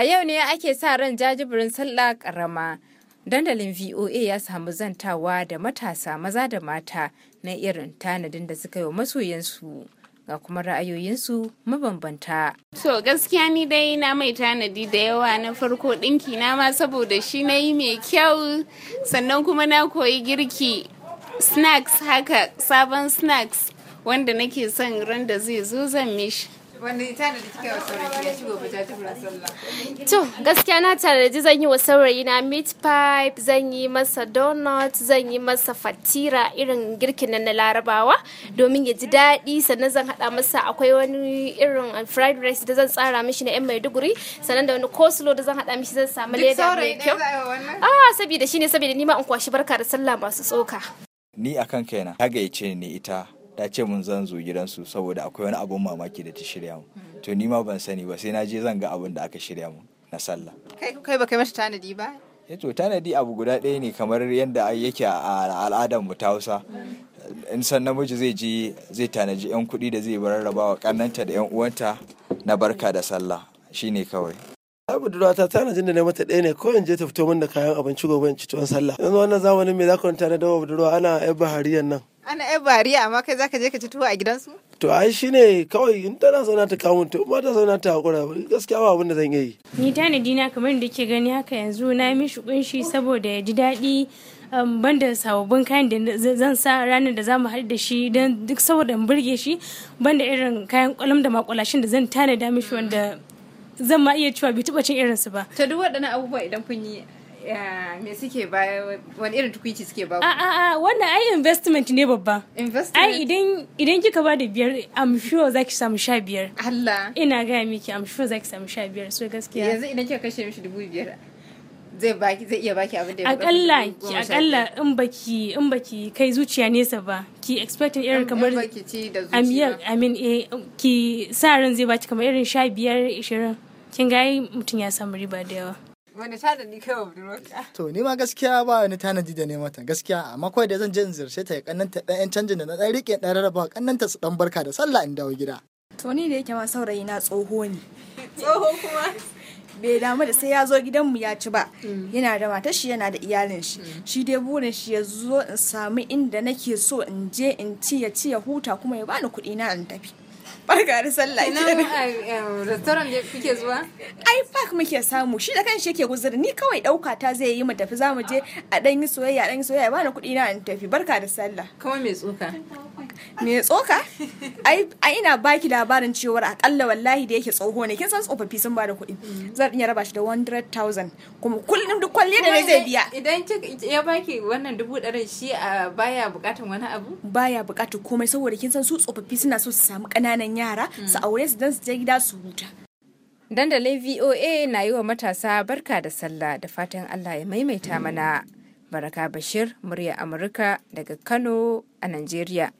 A yau ne ake sa ran jajibirin sallah karama Dandalin VOA ya samu zantawa da matasa maza da mata na irin tanadin da suka yi wa masoyansu. ga kuma ra'ayoyinsu mabambanta. So gaskiya ni dai na mai tanadi da yawa na farko ɗinki na ma saboda shi na yi mai kyau sannan kuma na koyi girki snacks haka sabon snacks wanda nake son ran da zai zo zan mishi. To gaskiya na tanaji zan yi wa saurayi na meat pipe zan yi masa donut, zan yi masa fatira irin girkin na larabawa domin ya ji daɗi sannan zan haɗa masa akwai wani irin fried rice da zan tsara mishi na 'yan maiduguri sannan da wani coleslaw da zan haɗa mishi zan samu leda mai kyau. Ah sabida shine sabida nima in kwashi barka da sallah masu tsoka. Ni akan kaina, haga ya ce ni ita ta ce mun zan zo gidansu saboda akwai wani abun mamaki da ta shirya mu hmm. to ni ma ban sani ba sai na je zan ga abun da aka shirya mu na sallah kai kai ba kai mata tanadi ba ya eh to tanadi abu guda ɗaya ne kamar yadda yake a al'adar mu ta Hausa hmm. in san namiji zai je zai tanaji yan kuɗi da zai rarrabawa kannanta da yan uwanta na barka da sallah shine kawai da ta tanajin da na mata ɗaya ne ko in je ta fito min da kayan abinci gobe in ci tuwon sallah yanzu wannan zamanin me za ku tana da budurwa ana yan bahariyan nan ana yan bariya amma kai zaka je ka ci tuwo a gidansu to ai shi ne kawai in tana zauna ta kawo to ba ta zauna ta haƙura gaskiya ba abin da zan yi ni tanadi na kamar da ke gani haka yanzu na mishi kunshi saboda ya ji daɗi um, banda sababbin kayan da zan sa ranar da za mu haɗu da shi don duk saboda in burge shi banda irin kayan kwalam da makulashin da zan tanada mishi wanda zan ma iya cewa bai taɓa cin irinsu ba. Ta duk waɗannan abubuwa idan kun yi me suke ba wani irin tukwici suke ba a a ah, ah, ah, wannan ai investment ne babba investment ai idan idan kika ba da biyar i'm sure zaki samu sha biyar Allah ina gaya miki i'm sure zaki samu sha biyar so gaskiya yanzu idan kika kashe mishi dubu biyar zai baki zai iya baki abin da ya akalla ki akalla in baki in baki kai zuciya nesa ba ki expecting irin kamar baki ci da zuciya i mean eh ki sa ran zai baki kamar irin biyar 20 kin ga mutum ya samu riba da yawa wani tanadi kai wa roƙa. to ni ma gaskiya ba wani tanadi da ne mata gaskiya amma kawai da zan je in ziyarce ta ya kannanta dan yan canjin da na ɗan rike ɗan rarraba kannanta su ɗan barka da sallah in dawo gida to ni da yake ma saurayi na tsoho ne tsoho kuma bai damu da sai ya zo gidanmu ya ci ba mm. yana da matar shi yana da iyalin shi mm. shi dai burin shi ya zo in samu inda nake so in je in ci ya ci ya huta kuma ya bani kuɗi na in tafi barka da sallah kenan eh, eh, restaurant da kuke zuwa ai park muke samu shi da kanshi yake guzuri ni kawai dauka ta zai yi mu tafi zamu je a dan yi soyayya dan yi soyayya bani kuɗi na in tafi barka da sallah kawai mai tsoka me tsoka ai ina baki labarin cewar akalla wallahi da yake tsoho ne kin san tsofaffi sun bada kuɗi mm. zan iya raba shi da 100,000 kuma kullum duk kwalliya da zai biya idan ya baki wannan dubu ɗarin shi a baya buƙatar wani abu baya buƙatar komai saboda kin san su tsofaffi suna so su samu ƙananan yara mm. su aure su dan su je gida su huta dandalin voa na yi wa matasa barka da sallah da fatan allah ya maimaita mana mm. baraka bashir murya amurka daga kano a najeriya